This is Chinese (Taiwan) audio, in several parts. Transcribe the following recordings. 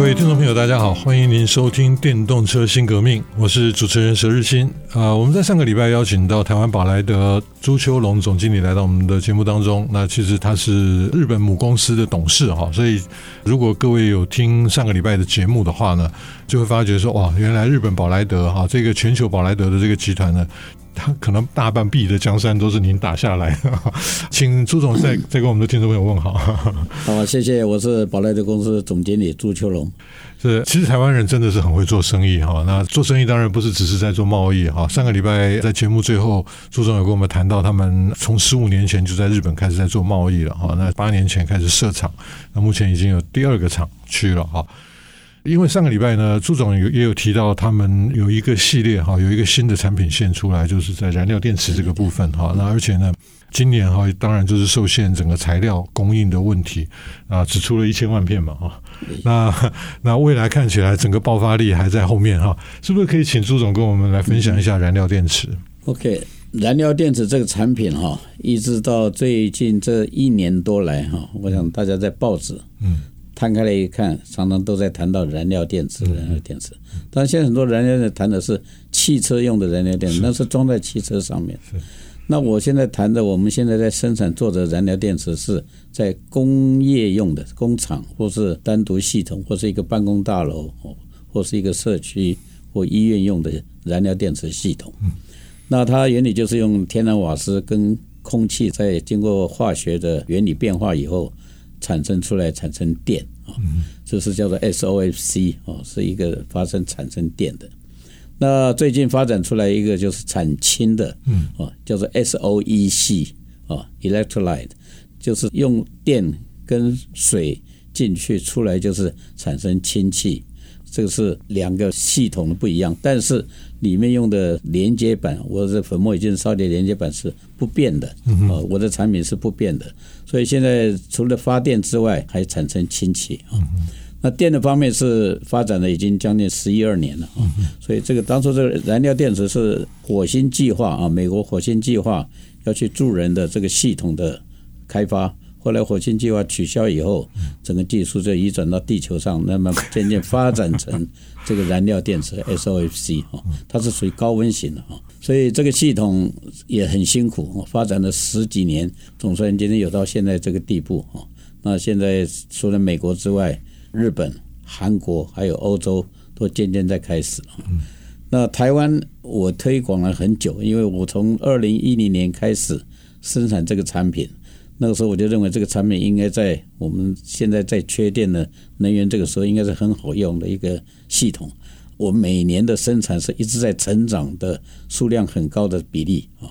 各位聽眾朋友，大家好，歡迎您收聽《電動車新革命》，我是主持人佘日新。呃，我們在上個禮拜邀請到台灣保來得朱秋龍總經理來到我們的節目當中。那其實他是日本母公司的董事哈，所以如果各位有聽上個禮拜的節目的話呢，就會發覺說哇，原來日本保來得哈這個全球保來得的這個集團呢。他可能大半壁的江山都是您打下來的， 請朱總再 再跟我們的聽眾朋友問好 。好、啊，謝謝，我是保來得公司總經理朱秋龍。是，其實台灣人真的是很會做生意哈。那做生意當然不是只是在做貿易哈。上個禮拜在節目最後，朱總有跟我們談到，他們從十五年前就在日本開始在做貿易了哈。那八年前開始設廠，那目前已經有第二個廠區了哈。因為上個禮拜呢，朱總有也有提到，他們有一個系列哈，有一個新的產品線出來，就是在燃料電池這個部分哈。那而且呢，今年哈，當然就是受限整個材料供應的問題啊，只出了一千萬片嘛哈，那那未來看起來整個爆發力還在後面哈，是不是可以請朱總跟我們來分享一下燃料電池？嗯，OK，燃料電池這個產品哈，一直到最近這一年多來哈，我想大家在報紙嗯。攤開來一看，常常都在談到燃料電池，燃料電池。但現在很多燃料電池談的是汽車用的燃料電池，那是裝在汽車上面。那我現在談的，我們現在在生產做的燃料電池，是在工業用的工廠，或是單獨系統，或是一個辦公大樓，或是一個社區或醫院用的燃料電池系統。那它原理就是用天然瓦斯跟空氣在經過化學的原理變化以後，產生出來，產生電啊，這是叫做 SOFC 啊，是一個發生產生電的。那最近發展出來一個就是產氫的，啊，叫做 SOEC 啊，electrolyte，就是用電跟水進去，出來就是產生氫氣。這個是兩個系統的不一樣，但是裡面用的連接板，我的粉末已經燒結連接板是不變的，啊，我的產品是不變的，所以現在除了發電之外，還產生氫氣啊。那電的方面是發展了已經將近十一二年了啊，所以這個當初這個燃料電池是火星計劃啊，美國火星計劃要去助人的這個系統的開發。後來火星計劃取消以後，整個技術就移轉到地球上，那麼漸漸發展成這個燃料電池 SOFC，它是屬於高溫型的啊，所以這個系統也很辛苦，發展了十幾年，總算今天有到現在這個地步啊。那現在除了美國之外，日本、韓國還有歐洲都漸漸在開始啊。那台灣我推廣了很久，因為我從二零一零年開始生產這個產品。那個時候我就認為這個產品應該在我們現在在缺電的能源這個時候應該是很好用的一個系統。我每年的生產是一直在成長的，數量很高的比例啊，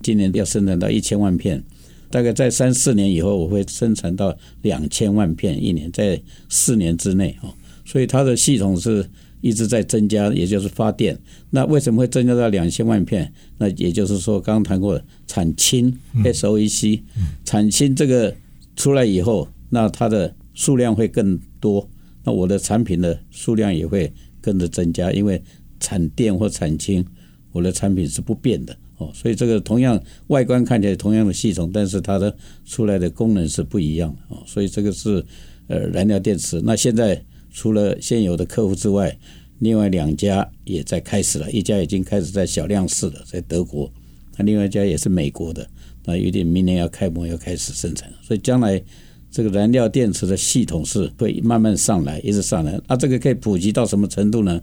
今年要生產到一千萬片，大概在三四年以後我會生產到兩千萬片一年，在四年之內啊，所以它的系統是，一直在增加，也就是發電。那為什麼會增加到兩千萬片？那也就是說，剛剛談過的產氫 S O E C，嗯嗯，產氫這個出來以後，那它的數量會更多。那我的產品的數量也會跟着增加，因為產電或產氫，我的產品是不變的哦。所以這個同樣外觀看起來同樣的系統，但是它的出來的功能是不一樣的哦。所以這個是呃燃料電池。那現在。除了現有的客戶之外，另外兩家也在開始了，一家已經開始在小量試，了在德國，那另外一家也是美國的，那預定明年要開模，要開始生產。所以將來這個燃料電池的系統是會慢慢上來，一直上來。啊，這個可以普及到什麼程度呢？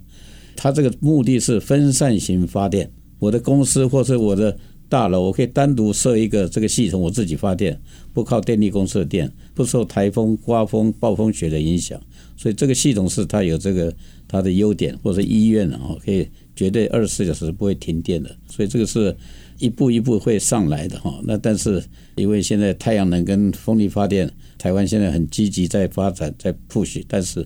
它這個目的是分散型發電，我的公司或是我的大樓，我可以單獨設一個這個系統，我自己發電，不靠電力公司的電，不受台風、颳風、暴風雪的影響。所以這個系統是它有這個它的優點，或者醫院啊，可以絕對二十四小時不會停電的。所以這個是一步一步會上來的哈。那但是因為現在太陽能跟風力發電，台灣現在很積極在發展，在 push，但是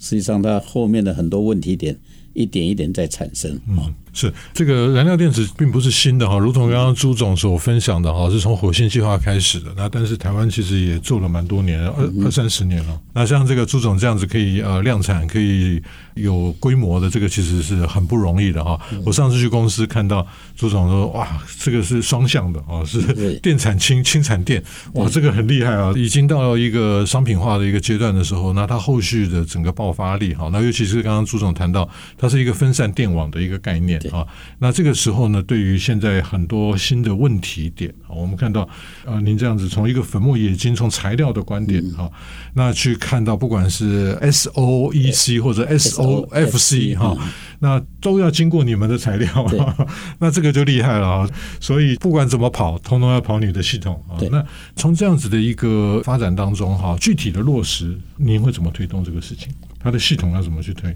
實際上它後面的很多問題點一點一點在產生啊。嗯是這個燃料電池並不是新的哈，如同剛剛朱總所分享的哈，是從火星計劃開始的。那但是台灣其實也做了蠻多年二二三十年了。那像這個朱總這樣子可以呃量產，可以有規模的，這個其實是很不容易的哈。我上次去公司看到朱總說，哇，這個是雙向的啊，是電產氫氫產電，哇，這個很厲害啊，已經到了一個商品化的一個階段的時候。那它後續的整個爆發力哈，那尤其是剛剛朱總談到，它是一個分散電網的一個概念。啊，那這個時候呢，對於現在很多新的問題點，我們看到，啊、呃，您這樣子從一個粉末冶金從材料的觀點，哈、嗯哦，那去看到不管是 S O E C 或者 S O F C，哈、哦，那都要經過你們的材料，嗯、哈哈那這個就厲害了啊。所以不管怎麼跑，通通要跑你的系統啊、哦。那從這樣子的一個發展當中，哈，具體的落實，您會怎麼推動這個事情？它的系統要怎麼去推？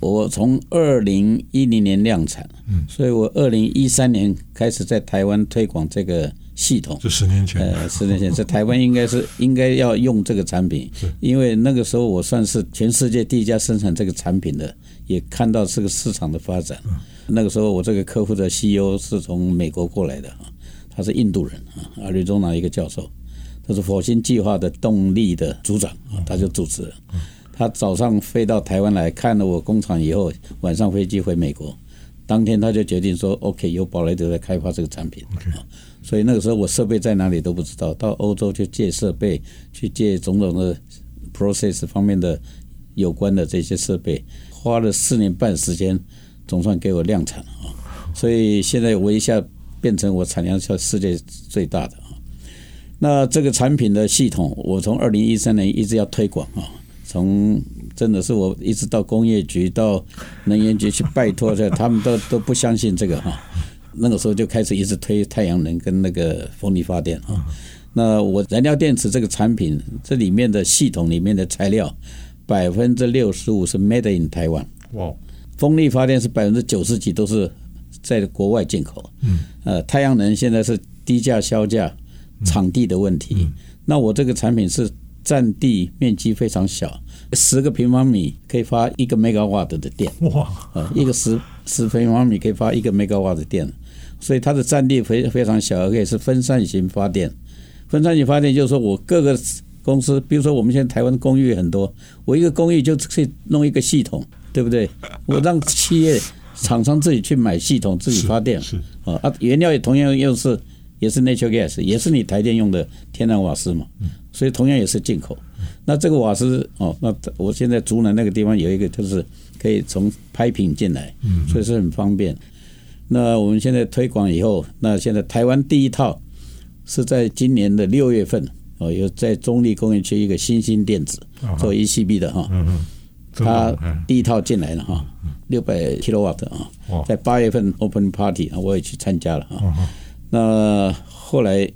我從二零一零年量產，所以我二零一三年開始在台灣推廣這個系統，這十年前，呃，十年前在台灣應該是 應該要用這個產品，因為那個時候我算是全世界第一家生產這個產品的，也看到這個市場的發展。嗯、那個時候我這個客戶的 CEO 是從美國過來的啊，他是印度人啊，啊，亞利桑那一個教授，他是火星計劃的動力的組長，他就主持了。嗯嗯他早上飛到台灣來看了我工廠以後，晚上飛機回美國，當天他就決定說 OK，由保來得來開發這個產品。Okay. 所以那個時候我設備在哪裡都不知道，到歐洲去借設備，去借種種的 process 方面的有關的這些設備，花了四年半時間，總算給我量產了啊。所以現在我一下變成我產量是世界最大的啊。那這個產品的系統，我從二零一三年一直要推廣啊。從真的是我一直到工業局到能源局去拜託，這他們都都不相信這個哈。那個時候就開始一直推太陽能跟那個風力發電哈。那我燃料電池這個產品，這裡面的系統裡面的材料百分之六十五是 made in 台灣。哇！風力發電是百分之九十幾都是在國外進口。嗯。呃，太陽能現在是低價銷價，場地的問題。那我這個產品是。佔地面積非常小，十個平方米可以發一個 megawatt 的電。哇，啊，一個十十平方米可以發一個 megawatt 的電，所以它的佔地非非常小，而且也是分散型發電。分散型發電就是說我各個公司，比如說我們現在台灣公寓很多，我一個公寓就可以弄一個系統，對不對？我讓企業廠商自己去買系統，自己發電。啊，原料也同樣又是。也是 natural gas，也是你台電用的天然瓦斯嘛，所以同樣也是進口。那這個瓦斯哦，那我現在竹南那個地方有一個，就是可以從拍品進來，所以是很方便。那我們現在推廣以後，那現在台灣第一套是在今年的六月份哦，有在中壢工業區一個欣興電子做 ECB 的哈，他第一套進來了哈，六百 kW 啊，在八月份 open party，我也去參加了哈。那後來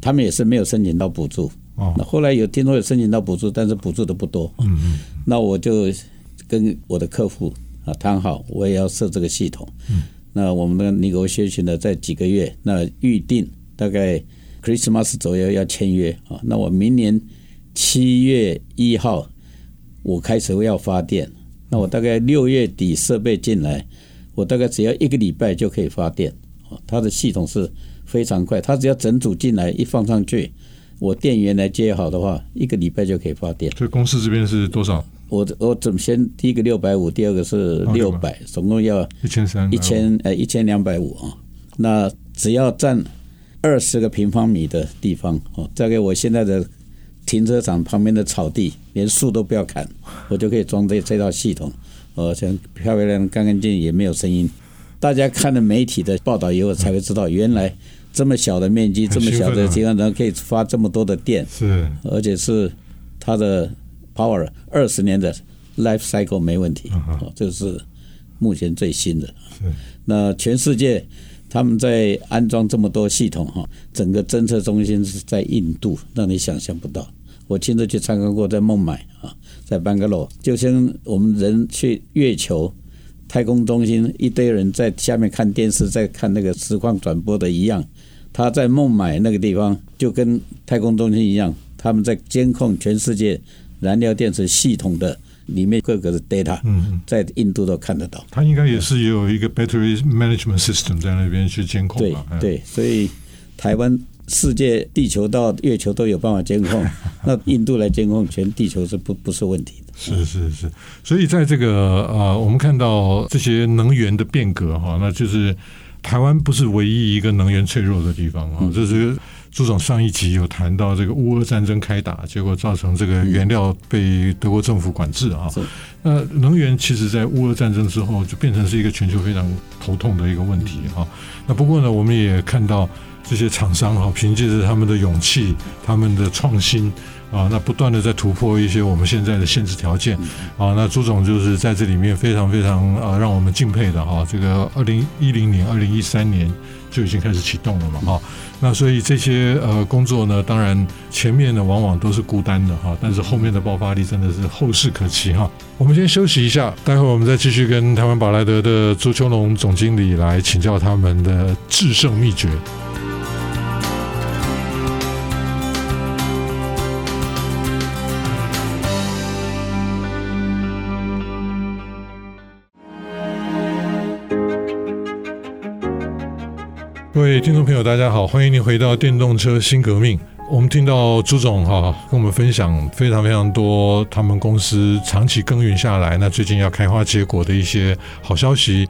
他們也是沒有申請到補助。哦。那後來有聽說有申請到補助，但是補助的不多。嗯。那我就跟我的客戶啊談好，我也要設這個系統。嗯。那我們的尼國學習呢，在幾個月，那預定大概 Christmas 左右要簽約啊。那我明年七月一號我開始要發電，那我大概六月底設備進來，我大概只要一個禮拜就可以發電。啊，它的系統是。非常快，它只要整組進來一放上去，我電源來接好的話，一個禮拜就可以發電。所以公司這邊是多少？我我總先第一個六百五，第二個是六百，總共要一千三，一千呃一千兩百五啊。那只要佔二十個平方米的地方哦，再給我現在的停車場旁邊的草地，連樹都不要砍，我就可以裝這這套系統。哦、呃，像漂漂亮亮、乾乾淨淨，也沒有聲音。大家看了媒體的報道以後，才會知道原來。這麼小的面積，這麼小的太陽能可以發這麼多的電，是，而且是它的 power 二十年的 life cycle 沒問題，uh -huh，這是目前最新的。那全世界他們在安裝這麼多系統哈，整個偵測中心是在印度，讓你想象不到。我親自去參觀過在，在孟買啊，在班格羅，就像我們人去月球太空中心，一堆人在下面看電視，在看那個實況轉播的一樣。他在孟買那個地方就跟太空中心一樣，他們在監控全世界燃料電池系統的裡面各個的 data，嗯，在印度都看得到。他應該也是有一個 battery management system 在那邊去監控。對對，所以台灣、世界、地球到月球都有辦法監控。 那印度來監控全地球是不不是問題的？是是是。所以在這個呃，我們看到這些能源的變革哈，那就是。台灣不是唯一一個能源脆弱的地方啊、嗯！這是朱總上一集有談到，這個烏俄戰爭開打，結果造成這個原料被德國政府管制啊、嗯。那能源其實，在烏俄戰爭之後，就變成是一個全球非常頭痛的一個問題啊、嗯。那不過呢，我們也看到這些廠商哈，憑借着他們的勇氣，他們的創新。啊，那不斷的在突破一些我們現在的限制條件啊，那朱總就是在這裡面非常非常啊，讓我們敬佩的哈、啊。這個二零一零年、二零一三年就已經開始啟動了嘛哈、啊，那所以這些呃工作呢，當然前面呢往往都是孤單的哈、啊，但是後面的爆發力真的是後勢可期哈、啊。我們先休息一下，待會我們再繼續跟台灣保來得的朱秋龍總經理來請教他們的制勝祕訣。各位聽眾朋友，大家好，歡迎您回到電動車新革命。我們聽到朱總哈跟我們分享非常非常多他們公司長期耕耘下來，那最近要開花結果的一些好消息。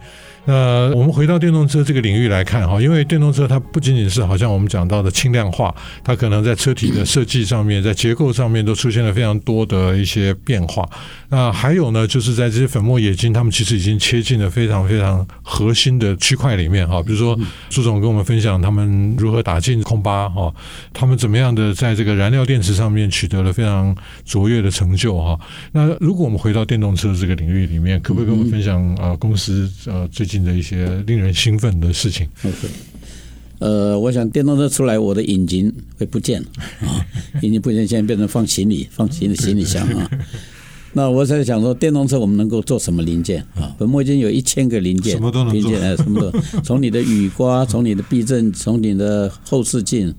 那我們回到電動車這個領域來看哈、哦，因為電動車它不僅僅是好像我們講到的輕量化，它可能在車體的設計上面，在結構上面都出現了非常多的一些變化。那還有呢，就是在這些粉末冶金，他們其實已經切進了非常非常核心的區塊裡面哈、哦。比如說朱總跟我們分享他們如何打進空巴哈，他們怎麼樣的在這個燃料電池上面取得了非常卓越的成就哈、哦。那如果我們回到電動車這個領域裡面，可不可以跟我們分享啊公司呃最近？的一些令人興奮的事情。Okay. 呃，我想電動車出來，我的引擎會不見了啊， 引擎不見，現在變成放行李，放行李行李箱啊。 那我在想說，電動車我們能夠做什麼零件啊？ 粉末冶金有一千個零件，什麼都能做，哎、什麼都從你的雨刮，從你的避震，從 你，你的後視鏡，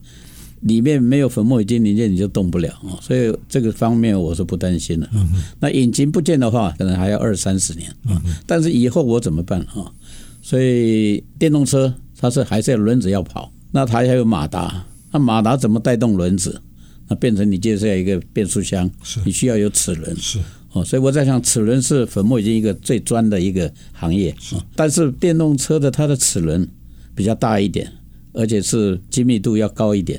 裡面沒有粉末冶金零件，你就動不了啊。所以這個方面我是不擔心的。 那引擎不見的話，可能還要二三十年啊。 但是以後我怎麼辦啊？所以電動車它是還是要輪子要跑，那它還要有馬達，那馬達怎麼帶動輪子？那變成你接下來一個變速箱，你需要有齒輪。是哦，所以我在想，齒輪是粉末冶金一個最專的一個行業。是，但是電動車的它的齒輪比較大一點，而且是精密度要高一點。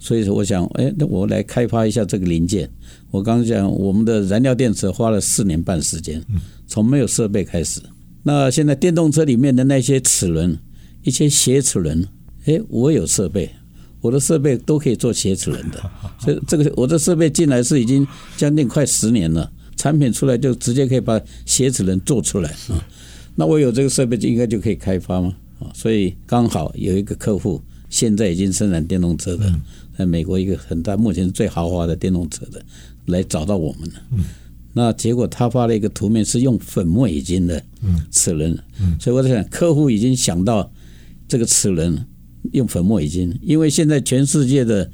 所以我想，哎，那我來開發一下這個零件。我剛講我們的燃料電池花了四年半時間，從沒有設備開始。那現在電動車裡面的那些齒輪，一些斜齒輪，哎，我有設備，我的設備都可以做斜齒輪的。所以這個我的設備進來是已經將近快十年了，產品出來就直接可以把斜齒輪做出來啊。那我有這個設備就應該就可以開發嗎？啊，所以剛好有一個客戶現在已經生產電動車的，在美國一個很大，目前最豪華的電動車的，來找到我們了。那結果他發了一個圖面，是用粉末冶金的齒輪，所以我在想，客戶已經想到這個齒輪用粉末冶金，因為現在全世界的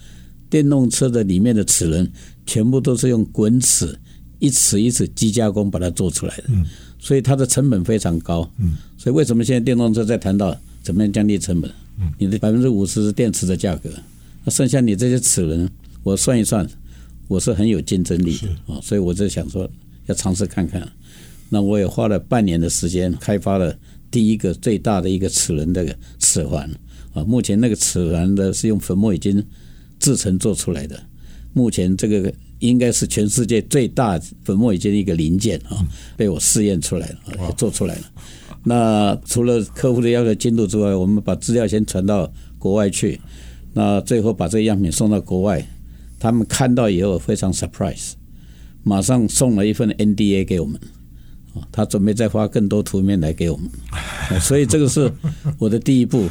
電動車的裡面的齒輪全部都是用滾齒，一齒一齒機加工把它做出來的，所以它的成本非常高。所以為什麼現在電動車在談到怎麼樣降低成本？你的百分之五十是電池的價格，那剩下，你這些齒輪，我算一算。我是很有競爭力的啊，所以我就想說要嘗試看看。那我也花了半年的時間開發了第一個最大的一個齒輪的齒環啊。目前那個齒環的是用粉末冶金制成做出來的。目前這個應該是全世界最大粉末冶金的一個零件啊，被我試驗出來了，也做出來了。那除了客戶的要求精度之外，我們把資料先傳到國外去，那最後把這個樣品送到國外。他們看到以後非常 surprise，馬上送了一份 NDA 給我們，啊，他準備再發更多圖面來給我們，所以這個是我的第一步，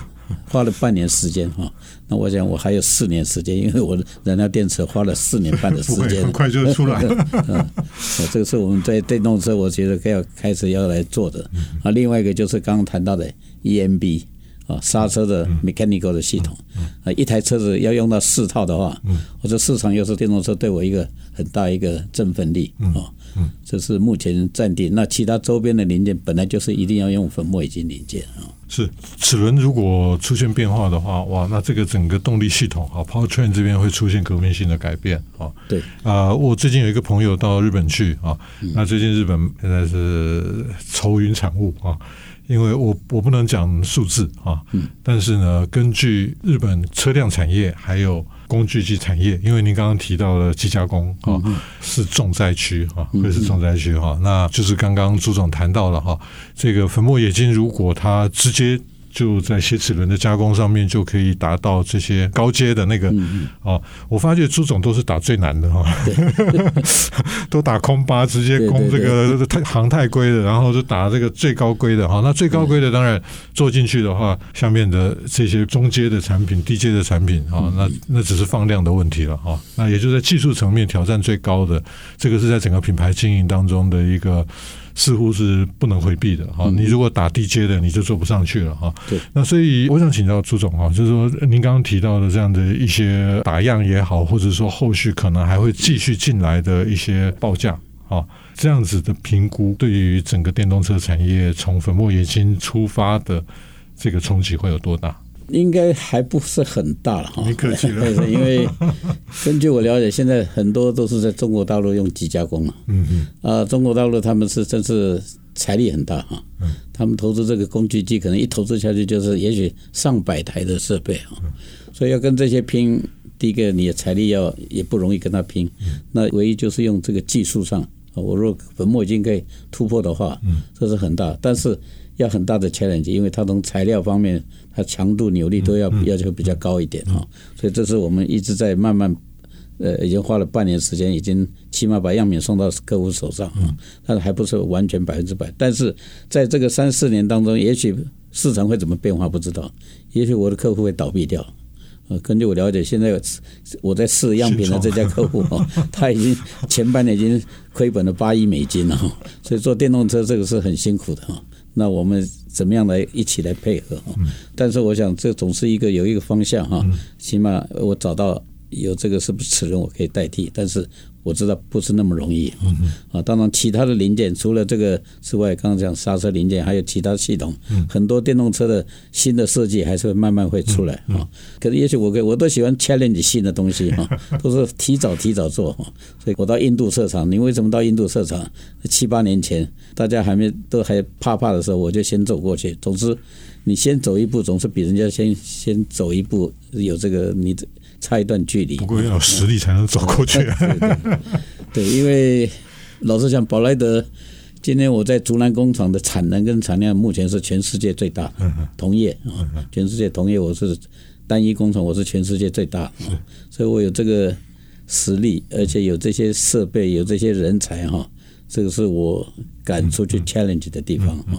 花了半年時間哈。那我想我還有四年時間，因為我的燃料電池花了四年半的時間，不會很快就出來。嗯，這個是我們在電動車，我覺得要開始要來做的。啊，另外一個就是剛剛談到的 EMB。啊，剎車的 mechanical 的系統，啊，一台車子要用到四套的話，或者市場又是電動車對我一個很大一個振奮力啊，嗯，這是目前暫定。那其他周邊的零件本來就是一定要用粉末冶金零件啊、嗯嗯嗯嗯。是，齒輪如果出現變化的話，哇，那這個整個動力系統啊，powertrain 這邊會出現革命性的改變啊。對啊，我最近有一個朋友到日本去啊，那最近日本現在是愁雲慘霧啊。因為我我不能講數字啊，但是呢，根據日本車輛產業還有工具機產業，因為您剛剛提到了機加工啊、嗯、是重災區啊，會是重災區哈、嗯。那就是剛剛朱總談到了哈，這個粉末冶金如果它直接。就在斜齒輪的加工上面，就可以達到這些高階的那個、嗯、哦。我發覺朱總都是打最難的哈，都打空八，直接攻這個對對對太航太規的，然後就打這個最高規的哈、哦。那最高規的當然做進去的話，下面的這些中階的產品、低階的產品啊、哦，那那只是放量的問題了啊、哦。那也就在技術層面挑戰最高的，這個是在整個品牌經營當中的一個。似乎是不能回避的哈，你如果打 D J 的，你就做不上去了哈、嗯，對，那所以我想請教朱總啊，就是說您剛剛提到的這樣的一些打樣也好，或者說後續可能還會繼續進來的一些報價啊，這樣子的評估對於整個電動車產業從粉末冶金出發的這個衝擊會有多大？應該還不是很大了哈， 因為根據我了解，現在很多都是在中國大陸用機加工嗯嗯，啊，啊，中國大陸他們是真是財力很大哈、啊。他們投資這個工具機，可能一投資下去就是也許上百台的設備啊。所以要跟這些拼，第一個你的財力要也不容易跟他拼。那唯一就是用這個技術上，啊，我如果粉末冶金可以突破的話，這是很大，但是。要很大的 challenge，因為它從材料方面，它強度、扭力都要、嗯、要求比較高一點啊、嗯。所以這是我們一直在慢慢，呃，已經花了半年時間，已經起碼把樣品送到客戶手上啊。但是還不是完全百分之百。但是在這個三四年當中，也許市場會怎麼變化不知道，也許我的客戶會倒閉掉。呃，根據我了解，現在我在試樣品的這家客戶他已經前半年已經虧本了八億美金了。所以做電動車這個是很辛苦的啊。那我們怎麼樣來一起來配合？但是我想這總是一個有一個方向哈，起碼我找到。有這個是不是齒輪我可以代替？但是我知道不是那麼容易啊！啊，當然其他的零件除了這個之外，剛剛講剎車零件，還有其他系統，很多電動車的新的設計還是會慢慢會出來啊。可是也許我個我都喜歡 challenge 新的東西啊，都是提早提早做。啊、所以我到印度設廠，你為什麼到印度設廠？七八年前大家還沒都還怕怕的時候，我就先走過去。總之，你先走一步，總是比人家先先走一步有這個你。差一段距離，不過要有實力才能走過去啊。 對，對，因為老實講，保來得今天我在竹南工廠的產能跟產量目前是全世界最大。同業啊，全世界同業我是單一工廠，我是全世界最大啊，所以我有這個實力，而且有這些設備，有這些人才哈，這個是我敢出去 challenge 的地方啊。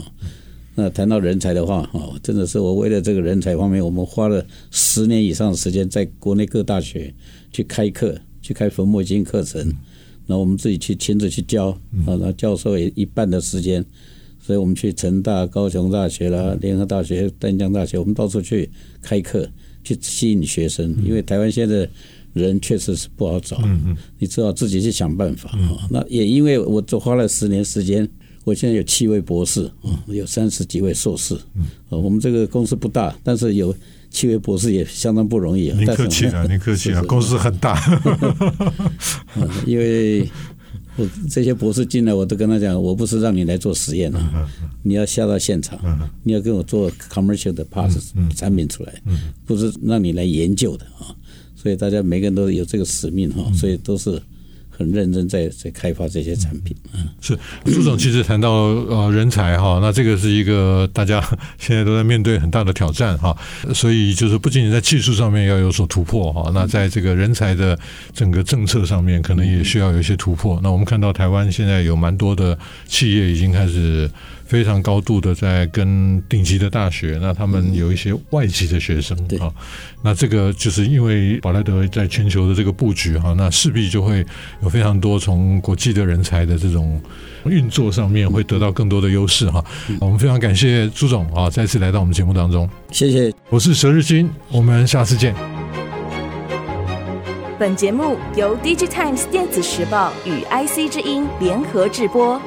那談到人才的話，哈，真的是我為了這個人才方面，我們花了十年以上的時間，在國內各大學去開課，去開粉末冶金課程，那我們自己去親自去教，啊，那教授也一半的時間，所以我們去成大、高雄大學啦、聯合大學、淡江大學，我們到處去開課，去吸引學生，因為台灣現在人確實是不好找，你只好自己去想辦法，那也因為我只花了十年時間。我現在有七位博士啊，有三十幾位碩士。啊，我們這個公司不大，但是有七位博士也相當不容易啊。您客氣了，啊，您客氣啊，公司很大， 因為我這些博士進來，我都跟他講，我不是讓你來做實驗啊，你要下到現場，你要跟我做 commercial 的 pass、嗯嗯、產品出來，不是讓你來研究的啊。所以大家每個人都有這個使命哈、啊，所以都是。很認真在在開發這些產品，嗯，是朱總，其實談到呃人才哈，那這個是一個大家現在都在面對很大的挑戰哈，所以就是不僅僅在技術上面要有所突破哈，那在這個人才的整個政策上面，可能也需要有一些突破。那我們看到台灣現在有蠻多的企業已經開始。非常高度的在跟頂級的大學，那他們有一些外籍的學生啊，哦，那這個就是因為保來得在全球的這個布局哈，哦，那勢必就會有非常多從國際的人才的這種運作上面會得到更多的優勢哈。我們非常感謝朱總啊，哦，再次來到我們節目當中，謝謝，我是佘日新，我們下次見。本節目由 DigiTimes 電子時報與 IC 之音聯合製播。